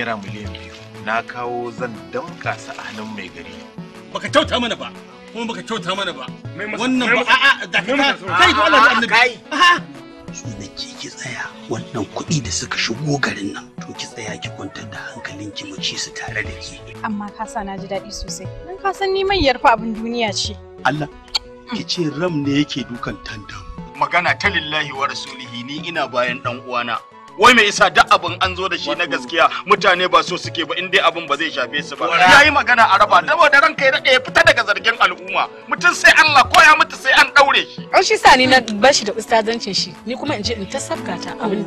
naira miliyan biyu na kawo zan danka su a hannun mai gari baka kyauta mana ba kuma baka kyauta mana ba wannan ba a'a da ka kai ko Allah annabi su da ki tsaya wannan kuɗi da suka shigo garin nan to ki tsaya ki kwantar da hankalin ki mu su tare da ki amma ka sa na ji daɗi sosai dan ka san ni mai yarfa abin duniya ce Allah ki ce ram ne yake dukan tantan magana ta lillahi wa rasulihi ni ina bayan dan uwana wai mai isa duk abin an zo da shi na gaskiya mutane ba so suke ba in dai abin ba zai shafe su ba ya yi magana a raba da ranka ya dade ya fita daga zargin al'umma mutum sai Allah ko ya mutu sai an ɗaure shi an shi sani na bashi da ustazancin shi ni kuma in je in ta ta abin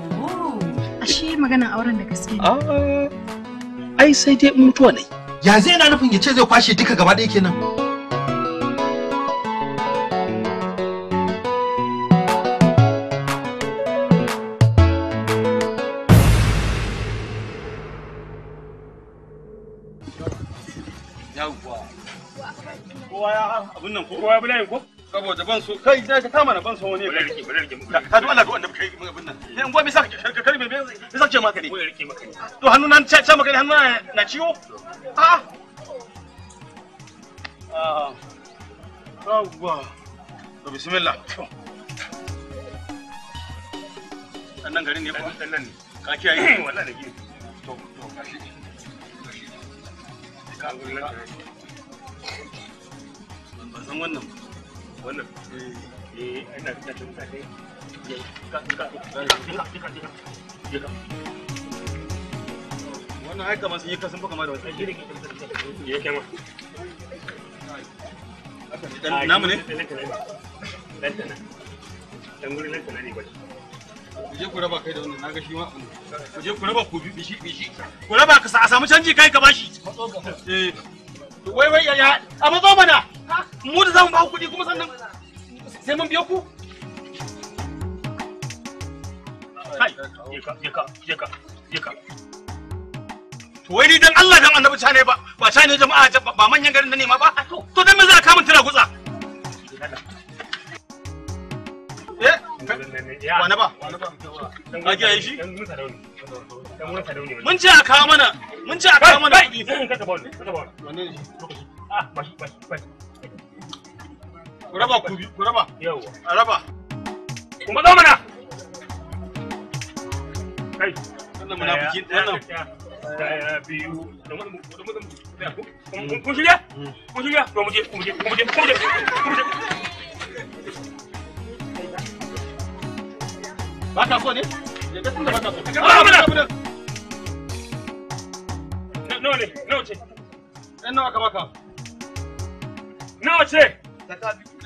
shi magana auren da gaskiya ah, ai sai dai mutuwa ne ya zai na nufin ya ce zai kwashe duka gaba ɗaya kenan abun nan ko kowa bulayin ko saboda ban so kai ka kama na ban so wani ki ki ka duk wanda kai nan ka kare me saka ce maka ne bulayin ki maka ne to hannu nan ce maka ne hannu na ciwo a a ah. to bismillah garin ne ko ka kiyaye to to ka wannan wannan eh, eh, wannan ai kamar sun yi kasan baka ma da wata aiki ne ya kema namu ne dan gurin lantana ne ba je ku raba kai da wannan naga shi ma ku je ku raba ku bi bi shi ku raba ka a samu canji kai ka bashi eh wai wai ya a zo mana mu da zamu ba kuɗi kuma sannan sai mun biyo ku to wai ni dan Allah dan annabi cane ba ba cane jama'a ba manyan garin da ne ma ba to dan me za ka mun tira gutsa eh, eh? wani ba shi mun ce a kawo mana mun a kawo mana ku raba ku bi ku raba yawa a raba mana kai wannan wannan daya biyu kun shirya kun shirya to mu je mu je mu je mu je ba ka so ne nawa ne nawa ce nawa ka nawa ce ta biyu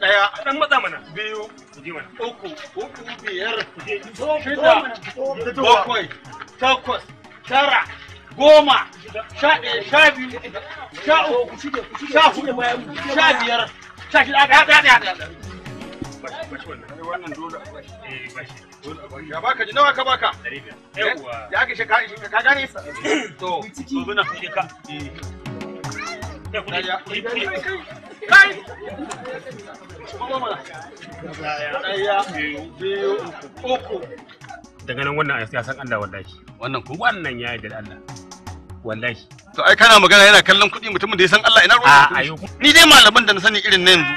daya dan matsa mana biyu kuje mana uku uku biyar kuje shida bakwai takwas tara goma sha ɗaya sha biyu sha uku sha hudu sha biyar sha shida eh, ya baka ji nawa ka baka eh, ya ka shi ka gane to to bina ka kai daga nan wannan ya san Allah wallahi wannan ko wannan ya yarda Allah wallahi to ai kana magana yana kallon kuɗi mutumin da ya san Allah ina ruwa ni dai malamin da na sani irin na yanzu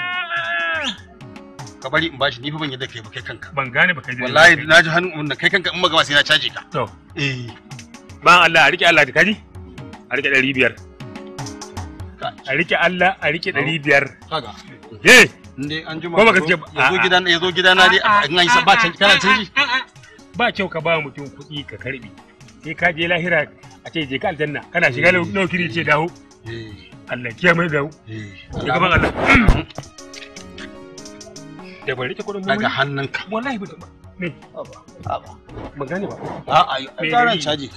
ka bari in bashi ni fa ban yadda kai ba kai kanka ban gane ba kai wallahi na ji hannun wannan kai kanka in magana sai na caji ka to eh ban Allah a rike Allah ka ji a rike biyar. a rike Allah a rike ɗari biyar. Kaga. Eh. Inde an jima. Kuma gaske ya zo gidan ya zo gidana dai in an ba can kana canji. Ba kyau ka ba mutum kuɗi ka karbi. Sai ka je lahira a ce je ka aljanna kana shiga laukiri eh. ce dawo. Eh. Allah kiya mai dawo. Ya eh. gaban Allah. Hmm. Da bari ta kuɗin Daga hannunka. Wallahi ba. Me? Aba. Ban gane ba. A'a, ai caji.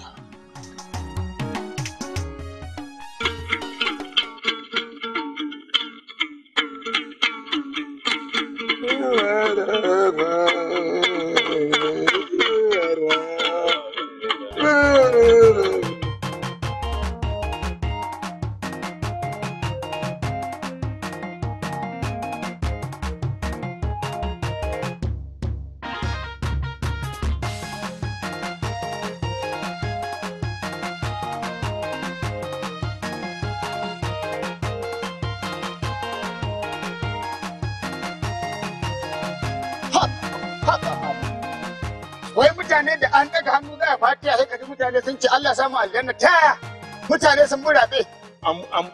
mutane da an ɗaga hannu za a fatiya sai kaji mutane sun ce Allah samu aljanna ta mutane sun murabe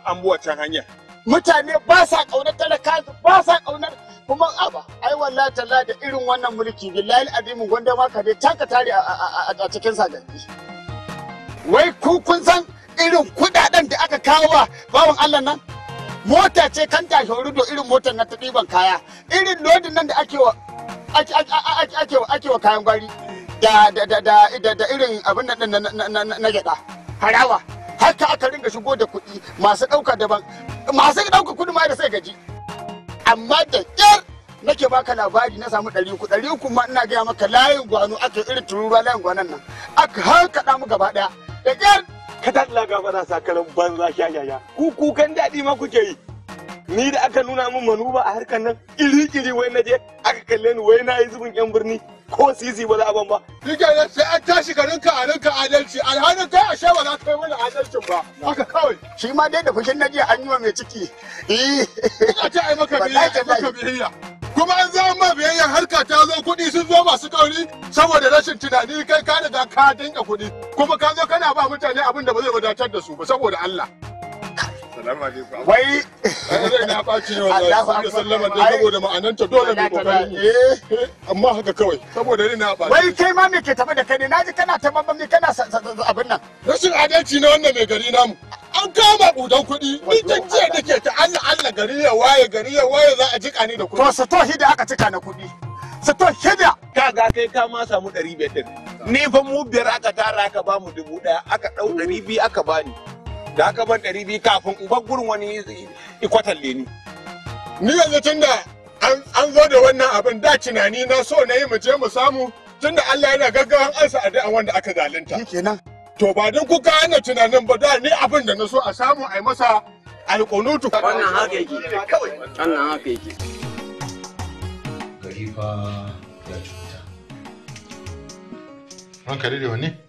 an buwa can hanya mutane ba sa kaunar talaka ba sa kaunar kuma aba ai wallahi talla da irin wannan mulki billahi alazim gonda ma ka dai taka tare a cikin saganni wai ku kun san irin kudaden da aka kawo wa bawan Allah nan mota ce kan ta tashi rudo irin motar na ta ɗiban kaya irin lodin nan da ake wa ake wa kayan gwari da da da da da irin abin da na gyada harawa haka aka ringa shigo da kuɗi masu ɗauka daban masu ɗauka kuɗi ma da sai gaji amma da ƙyar nake baka labari na samu ɗari uku ɗari uku ma ina gaya maka layin gwano aka irin tururuwa layin gwanon nan aka hankaɗa mu gaba ɗaya da ƙyar ka ta laga fara sakaran banza sha sha sha ku kukan daɗi ma kuke yi ni da aka nuna min manuba a harkar nan iri-iri wai na je aka kalle ni wai na yi zubin yan birni ko sisi ba za a ban ba shi yadda sai an tashi ka rinka a rinka adalci alhalin kai ashe ba za ka yi mana adalcin ba haka kawai shi ma dai da fushin na jiya an yi wa mai ciki a ce ai maka maka biyayya kuma an zama ma biyayya harka ta zo kuɗi sun zo masu kauri saboda rashin tunani kai ka riga ka dinga kuɗi kuma ka zo kana ba mutane abin da ba zai wadatar da su ba saboda Allah wai rai na ɓaci ne wallahi sallama dai saboda ma'ananta dole mai kokari eh. Eh, amma haka kawai saboda ni na ɓaci wai kai ma me ke tafi da kai ne naji kana ta mamami kana abin nan rashin adalci na wannan mai gari namu an kama budan kuɗi ni ta da ke ta Allah Allah gari ya waye gari ya waye za a jika ni da kuɗi to su to hida aka cika na kuɗi su to hida kaga kai ka ma samu ɗari biyar ɗin ni fa mu biyar aka tara aka ba mu dubu ɗaya aka ɗau ɗari biyu aka bani da aka bar ɗari biyu kafin uban gurin wani ikwatan leni. ni yanzu tun da an zo da wannan abin da tunani na so na yi mu je mu samu tun da Allah yana gaggawan ansa a da'an wanda aka zalunta. kenan. To ba don kuka hana tunanin ba da ni abin da na so a samu a yi masa alƙunutu. Wannan haka yake. Wannan haka yake. Gari fa ya cuta. Ranka da wani?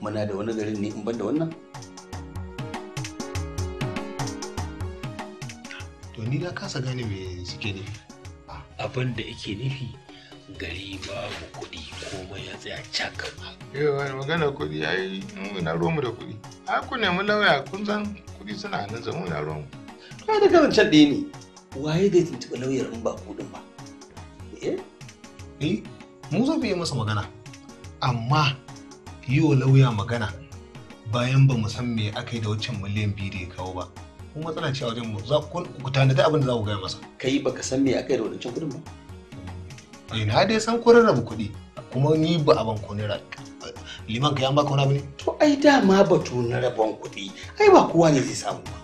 muna da wani garin ne in ban da wannan to ni da kasa gane me suke nufi abin da ake nufi gari babu kuɗi komai ya tsaya cak yawa eh, magana kuɗi yi na romu da kuɗi a ku nemi lauya kun san kuɗi suna nan zama na romu Kuma da gaban can ɗaya ne waye zai tuntuɓa lauyar in ba kuɗin ba eh, eh mu zan iya masa magana amma yi wa lauya magana bayan ba mu san me aka yi da wancan miliyan biyu da ya kawo ba kuma matsala ce a wajen mu za ku tanadi abin da za ku gaya masa kai ka san me aka yi da wancan kudin ba na dai san ko rarraba kuɗi kuma ni ba a banko naira liman ka ya baka wani abu ne to ai dama batu na rabon kudi ai ba kowa ne zai samu ba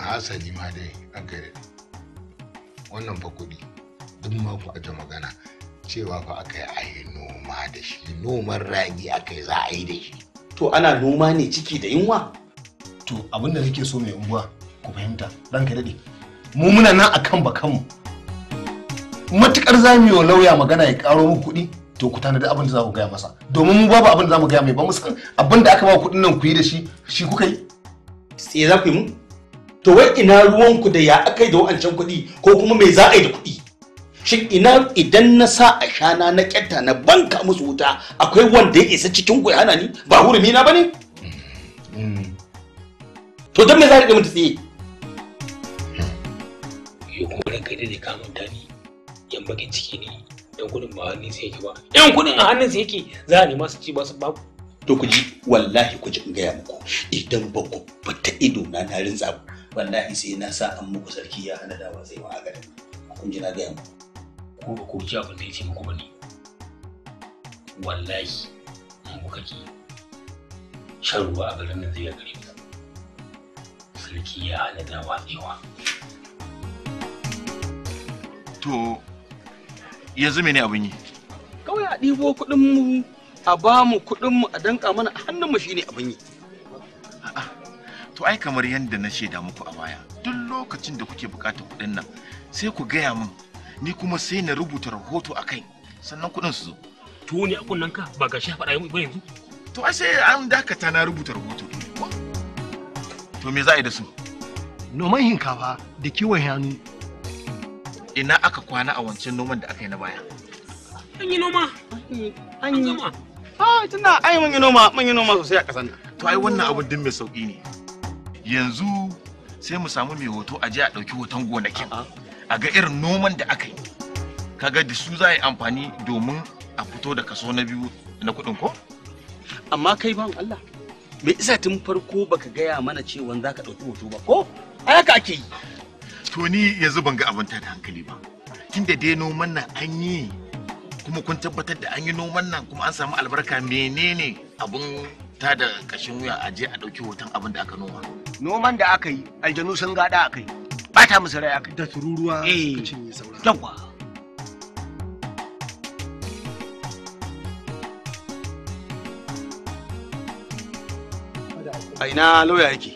a hasali ma dai an gare wannan ba kuɗi duk mako aje magana cewa fa aka yi a yi noma da shi noman ragi aka yi za a yi da shi to ana noma ne ciki da yunwa to abin da nake so mai unguwa ku fahimta ka daɗe mu muna nan akan bakanmu matukar zamiyo lauya magana ya karo muku kuɗi to ku tanadi abin da za ku gaya masa domin mu babu abin da za mu gaya mai ba mu san abin da aka ba kuɗin nan ku yi da shi shi kuka yi sai za ku yi mu to wai ina ruwanku da ya aka yi da wa'ancan kuɗi ko kuma mai za a yi da kuɗi shin ina idan na sa a shana na kyatta na banka musu wuta akwai wanda ya isa cikin ku hana ni ba hurumi na bane to dan me za ka ga mutu tsiye yo kuma ranka da ka manta ni yan bakin ciki ne dan kudin ba hannun su yake ba yan kudin a hannun su yake za a nema su ci ba su babu to ku ji wallahi ku ji in gaya muku idan ba ku fita ido na na rinza wallahi sai na sa an muku sarki ya hana dawa sai ma a kun ji na gaya muku ko ba ku ji abin da ya ce muku ba ne wallahi in kuka ki shan ruwa a garin nan zai ga gare ku sarki ya hana da watsewa to yanzu mene abin yi kawai a ɗibo kuɗin mu a ba mu kuɗin mu a danka mana a hannun mu shine abin yi to ai kamar yadda na shaida muku a baya duk lokacin da kuke buƙatar kuɗin nan sai ku gaya min ni kuma sai na rubuta rahoto a kai sannan kuɗin su zo tuwo ne a kunnen ka ba gashi faɗa yi ba yanzu to a sai an dakata na rubuta rahoto to me za a yi da su noman hinkafa da kiwon hannu ina aka kwana a wancan noman da aka yi na baya an yi noma an yi noma ah tunda ai mun yi noma mun yi noma sosai a ƙasar nan to ai wannan abun din mai sauki ne yanzu sai mu samu mai hoto a je a ɗauki hoton gonakin a ga irin noman da aka yi kaga da su za a yi amfani domin a fito da kaso na biyu na kuɗin ko amma kai ban Allah me isa tun farko baka gaya mana cewa za ka ɗauki hoto ba ko ai haka ake yi to ni yanzu ban ga abin ta da hankali ba Tun da dai noman nan an yi kuma kun tabbatar da an yi noman nan kuma an samu albarka menene abun ta da kashin wuya a je a ɗauki hoton abin da aka noma. Noman da aka yi aljanu sun gada aka yi. bata musu rai akai da tururuwa suka eh. cinye saura yawa a ina lauya yake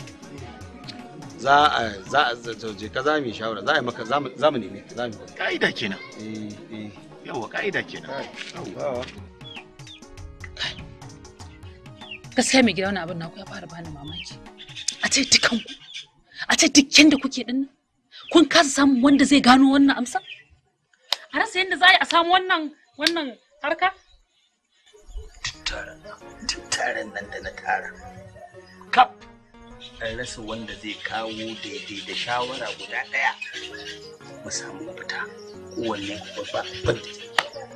za a za a je ka za mu shawara za a maka za mu nemi za mu ka'ida kenan eh eh yawa ka'ida kenan yawa gaskiya mai gida wani abin na ku ya fara bani mamaki a ce dukan ku a ce duk da kuke dinnan kun kasa samun wanda zai gano wannan amsa a rasa yadda za a samu wannan wannan harka tattaran nan da na tara kap A rasa wanda zai kawo daidai da shawara guda ɗaya mu samu mafita kowanne babba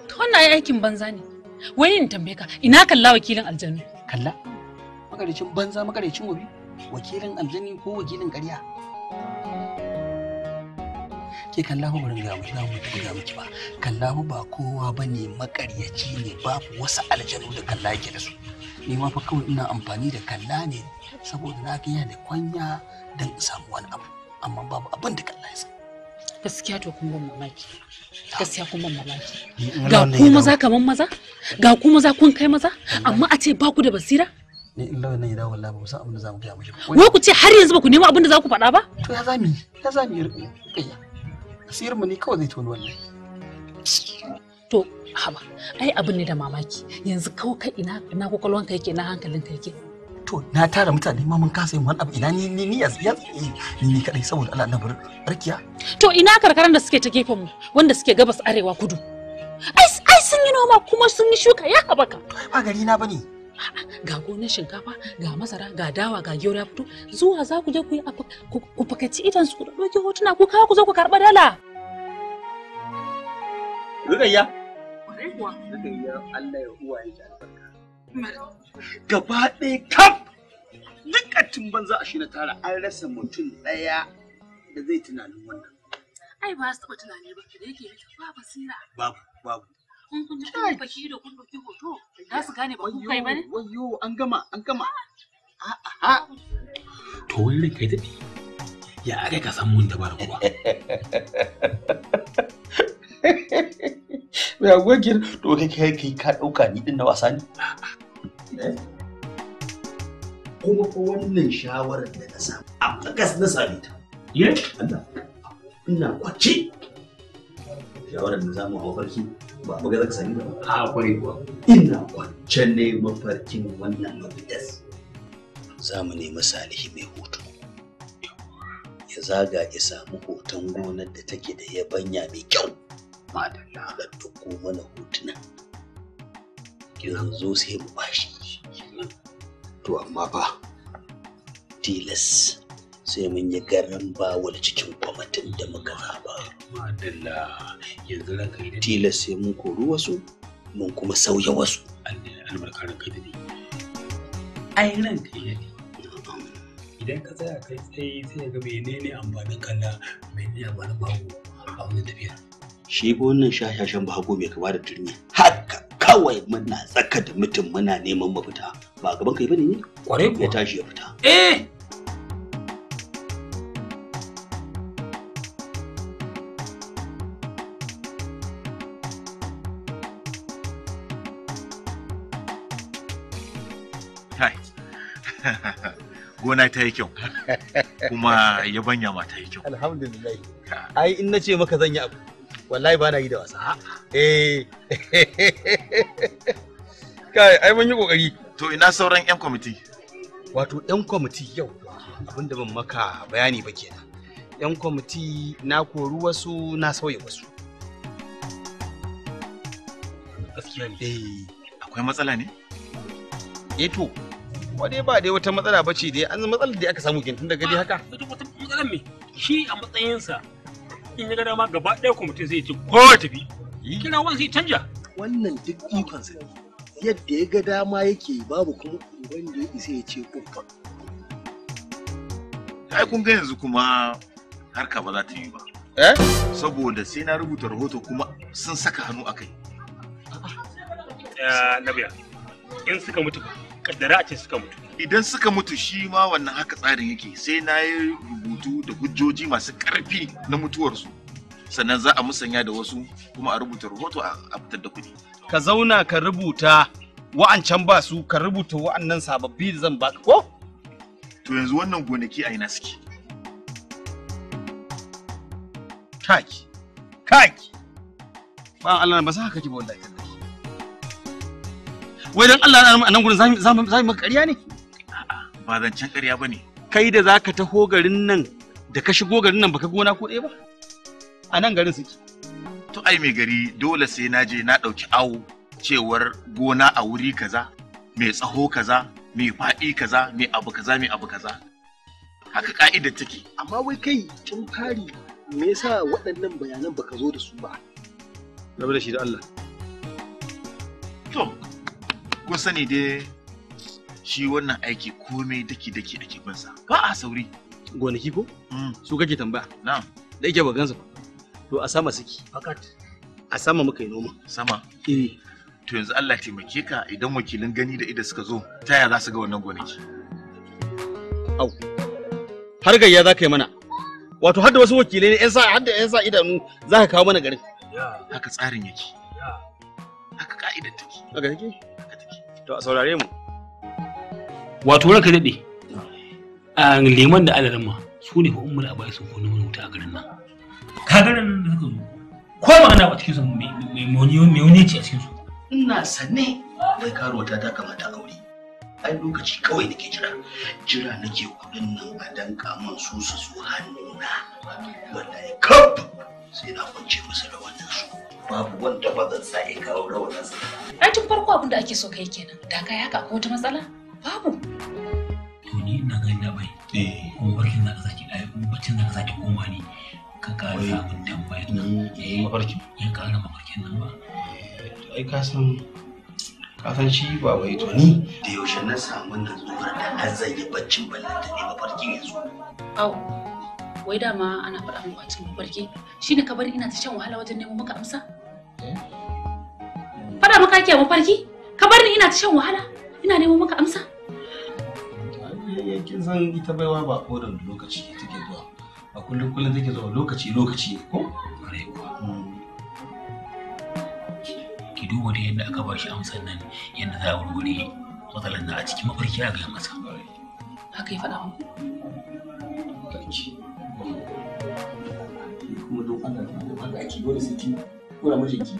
ta wannan ya aikin banza ne wani ne tambaye ka ina kalla wakilin aljanu kalla makarecin banza makarecin gobe? wakilin aljani ko wakilin ƙarya ke kallahu bari ga mu zamu tafi ga miki ba kalla mu ba kowa bane makaryaci ne babu wasu aljanu da kalla yake da su ni ma fa kawai ina amfani da kalla ne saboda na ga yana da kwanya dan in samu wani abu amma babu abin da kalla ya gaskiya to kun ban mamaki gaskiya kun ban mamaki ga ku maza kaman maza ga ku maza kun kai maza amma a ce ba ku da basira ne in lawan nan ya dawo wallahi ba san abin da za mu gaya mishi ba ku ce har yanzu ba ku nemo abin da za ku faɗa ba to ya zami ya zami ya asirin mu ne kawai zai toni wannan. to haba ai abin ne da mamaki yanzu kawo kai ina na kwakwalwanka yake na hankalinka yake to na tara mutane ma mun kasa yin wani abu ina ni ni ni yanzu yanzu ni ni kadai saboda Allah na bar barkiya to ina karkaran da suke ta gefen mu wanda suke gabas arewa kudu ai ai sun yi noma kuma sun yi shuka ya habaka to ba gari na bane ga gonar shinkafa ga masara ga dawa ga gero ya fito zuwa za ku je ku yi ku fakaci idan su ku ɗauki hotuna ku kawo ku zo ku karɓa dala. Rukayya. Rukayya Allah ya uwa ya Gaba ɗaya kaf duk a banza a shi na tara an rasa mutum ɗaya da zai tunanin wannan. Ai ba su taɓa tunani ba, da yake ba basira. Babu, babu. kun kun da baki da kun hoto za kai bane ya aka ka mun da kuwa ya to kai ka dauka ni na wasa eh. kuma wannan shawarar da na samu a na sami ta ya Allah ina kwace shawarar da zamu hau farki ba mu zaka sani ba a kuwa ina wancan ne mafarkin wannan mafitas za mu nemi salihi mai hoto ya zaga ya samu hoton gonar da take da yabanya mai kyau madalla da dukko mana hotuna yanzu sai mu bashi to amma ba tilas sai mun yi garin bawul cikin kwamitin da muka zaba. Madalla yanzu ranka idan tilas sai mun kori wasu mun kuma sauya wasu. Albarka ranka da ne. Ai ranka idan idan ka tsaya kai tsaye sai ga menene amfanin kalla menene amfanin bago a wani tafiya. Shi ba wannan ba bago mai kama da turmi haka kawai muna tsaka da mutum muna neman mafita ba gaban kai bane ne? Kwarai kuwa. Ya tashi ya fita. Eh! gona ta yi kyau kuma yabanya ma ta yi kyau alhamdulillah ai in na ce maka zan yi abu wallahi ba na yi da wasa eh kai ai mun yi kokari to ina sauran yan kwamiti wato yan kwamiti yau abinda ban maka bayani ba kenan yan kwamiti na kori wasu na sauya wasu gaskiya ne eh. akwai matsala ne eh to kuma dai ba dai wata matsala ba ce dai an matsalar da aka samu kin tun daga dai haka ita wata matsalar me shi a matsayinsa in ya ga dama gaba ɗaya kuma mutum zai ce ko tafi kira wani zai canja wannan duk ikon sa yadda ya ga dama yake babu kuma wanda ya isa ya ce ko ai kun ga yanzu kuma harka ba za ta yi ba eh saboda sai na rubuta rahoto kuma sun saka hannu akai nabiya in suka mutu ba kaddara a ce suka mutu idan suka mutu shi ma wannan haka tsarin yake sai na yi rubutu da hujjoji masu karfi na mutuwarsu sannan za a musanya da wasu kuma a rubuta rahoto a fitar da kuɗi ka zauna ka rubuta wa'ancan ba su ka rubuta wa'annan sababbi da zan baka ko to yanzu wannan gonaki a ina suke kaki kaki ba Allah ba sa haka ki wallahi wai dan Allah a nan gurin za mu maka ƙarya ne ba zancen ƙarya ba ne kai da zaka taho garin nan da ka shigo garin nan baka gona ko ɗaya ba a nan garin suke to ai mai gari dole sai na je na ɗauki awo cewar gona a wuri kaza mai tsaho kaza mai faɗi kaza mai abu kaza mai abu kaza haka ka'idar take amma wai kai tun fari me yasa waɗannan bayanan baka zo da su ba rabu da shi da Allah to kun sani dai shi wannan aiki komai daki daki ake bansa ba a sauri gonaki ko mm. su kake tambaya na'am da yake bagansa ba to a sama suke fakat a sama muka yi noma sama eh to yanzu Allah taimake ka idan wakilin gani da ida suka zo ta za su ga wannan gonaki au har gayya za ka yi mana wato har da wasu wakilai ne 'yan sa har da 'yan sa idanu za ka kawo mana garin haka tsarin yake haka ka'idar take haka yake to a saurare mu wato ranka daɗe a liman da ma su ne fa'un mula bai sun kone wuta a garin nan ka garin nan da suka zo ko magana ba cikin su mai wani ce a cikin su ina sanne mai karo ta ta kamata aure ai lokaci kawai nake jira jira nake kudin nan a danka man su su hannuna wallahi kaf sai na kwance masa wannan su babu wanda ba zan sa ya kawo wannan sa ai tun farko abin da ake so kai kenan da kai haka ko wata matsala babu to ni ina ga ina bai eh kuma barkin na zaki dai bacin da zaki koma ni ka kara samun tambaya eh mafarkin ya kara mafarkin nan ba eh, ai ka san ka san shi ba wai to ni da yaushe na samu wannan zuwar da har zan yi baccin ballanta ne mafarkin yanzu au wai dama ana faɗa mu a cikin mafarki shine ka bari ina ta shan wahala wajen nemo maka amsa eh? faɗa maka ake mafarki ka bari ina ta shan wahala ina nemo maka amsa zan yi ta baiwa ba ko da lokaci take zuwa a kullum kullum take zuwa lokaci lokaci ko ki duba da yadda aka bashi amsar nan yadda za a warware matsalar na a cikin mafarki a gaya masa haka yi faɗa muku dole sai ko kura mijinki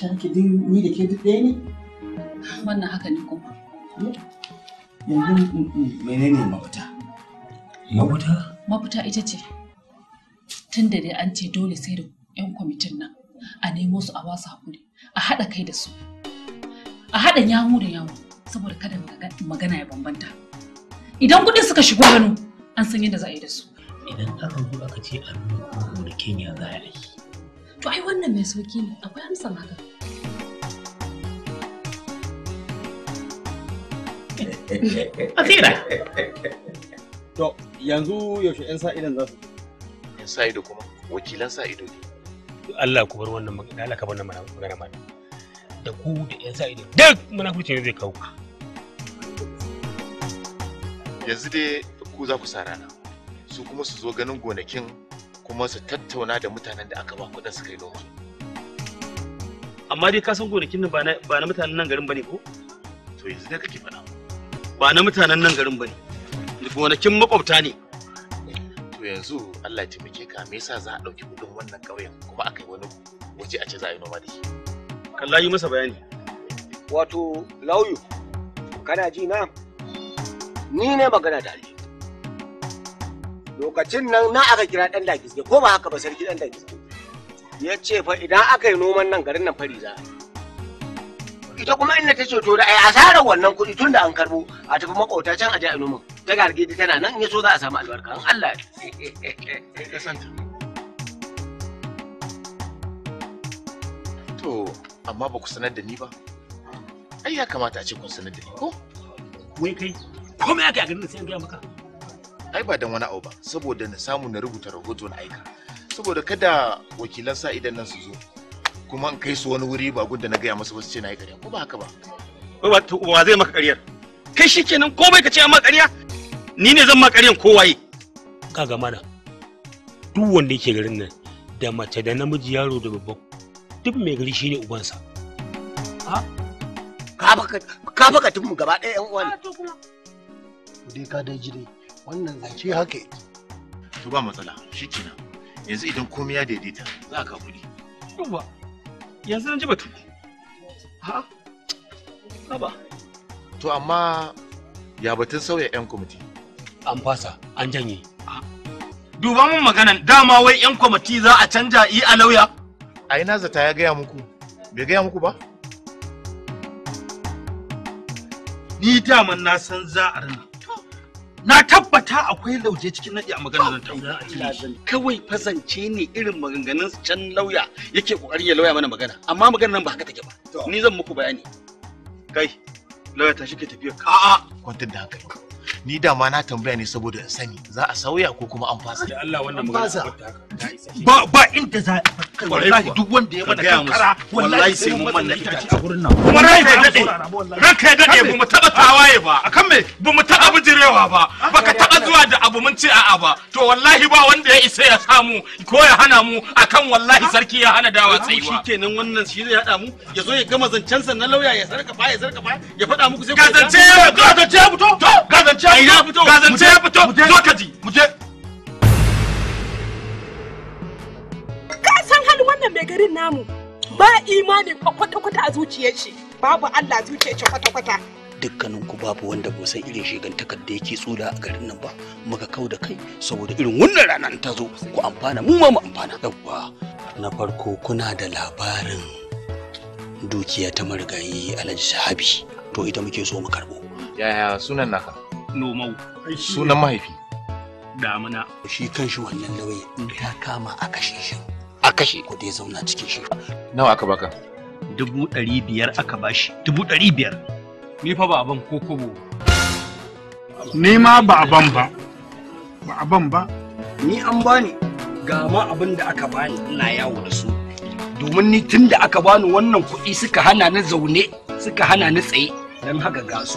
can ki din ni da ke duk ɗaya ne wannan haka ne kuma yanzu mm, mm, menene mafita mafita mafita ita ce tun da dai an ce dole sai da 'yan kwamitin nan a nemo su a wasu hakuri, a haɗa kai da su a haɗa yamu da yamu saboda kada magana ya bambanta idan kuɗin suka shigo hannu an san yadda za a yi da su idan aka zo aka ce a nuna da kenya za a yi To ai wannan mai sauki ne, akwai amsa maka. Asira. To yanzu yaushe 'yan sa'idan za su? 'Yan sa'ido kuma wakilan sa'ido ne. Allah ku bar wannan magana, Allah ka bar wannan magana mana. Da ku da 'yan sa'ido duk munafurci ne zai kawo ku. Yanzu dai ku za ku sa rana, su kuma su zo ganin gonakin kuma su tattauna da mutanen da aka ba kuɗin su kai noma amma dai ka san gonakin nan ba na mutanen nan garin bane ko to yanzu da kake faɗa ba na mutanen nan garin bane gonakin makwabta ne to yanzu Allah ya taimake ka me yasa za a ɗauki kuɗin wannan ƙauyen kuma aka yi wani waje a ce za a yi noma da shi kalla yi masa bayani wato lauyu kana ji na ni ne magana da Ali lokacin nan na aka kira dan gizge ko ba haka ba sarki dan gizge ya ce fa idan aka yi noman nan garin nan fari za ita kuma inda ta ce to da ai asarar wannan kuɗi tun da an karbo a tafi makauta can a a noman ta gargidi tana nan in ya so za a samu albarka an Allah ya To, amma ba ku sanar da ni ba. Ai ya kamata a ce kun sanar da ni ko? Wai kai, komai aka yi a garin da sai an gaya maka. ai ba dan wani abu ba saboda na samu na rubuta rahoto na aika saboda kada wakilan sa idan nan su zo kuma in kai su wani wuri ba gudda na gaya musu ba su ce na yi ƙarya ko ba haka ba wato wa zai maka ƙaryar kai kenan ko bai ka ce amma ƙarya ni ne zan ma ƙaryan ko waye ga mana duk wanda yake garin nan da mace da namiji yaro da babba duk mai gari shine ubansa ha ka baka ka baka tun gaba ɗaya yan uwan to kuma dai ka dai ji dai wannan zance haka to ba matsala shikenan yanzu idan komai ya daidaita za ka kuɗi yawa yanzu an ji batu ha haba to amma ya batun sauya yan kwamiti an fasa an janye duba mun maganan dama wai yan kwamiti za a canja yi a lauya a ina zata ya gaya muku bai gaya muku ba ni daman na san za a rana na tabbata akwai lauje cikin naɗi a maganar nan kawai fasance ne irin maganganun can lauya yake kokari ya lauya mana magana amma maganar nan ba haka take ba ni zan muku bayani kai lauya ta shi ke tafiya ka a kwantar da hankali ni da ma na tambaya ne saboda in sani za a sauya ko kuma an fasa da Allah wannan magana ta haka ba ba inda za wallahi duk wanda ya mana kankara wallahi sai mun mallaki ta a gurin nan kuma rai ka dade ranka ya dade bamu mu taba tawaye ba akan me bamu mu taba bijirewa ba baka taba zuwa da abu mun ce a'a ba to wallahi ba wanda ya isa ya samu ko ya hana mu akan wallahi sarki ya hana dawa tsayuwa shikenan wannan shi zai hada mu ya zo ya gama zancen sa na lauya ya sarka ba ya sarka ba ya faɗa muku sai gazance gazance ya fito gazance ya fito gazance ya fito zo ka ji mu je wannan mai garin namu ba imani kwata-kwata a zuciyar shi babu Allah zuciyar shi kwata-kwata dukkanin ku babu wanda ba san irin gantakar da yake tsula a garin nan ba muka kau da kai saboda irin wannan rana ta zo ku amfana mu ma mu amfana yawwa na farko kuna da labarin dukiya ta marigayi alhaji sahabi to ita muke so mu karbo yaya sunan naka nomau sunan mahaifi damuna shi kan shi wannan lauye in ta kama a kashe shi kashe da ya zauna cikin shi nawa aka baka dubu ɗari biyar aka bashi dubu ɗari biyar ni fa ba ban ko kobo ni ma ba ban ba ba ban ba ni an bani ga ma abin da aka bani ina yawo da su domin ni tun da aka bani wannan kuɗi suka hana ni zaune suka hana ni tsaye don haka ga su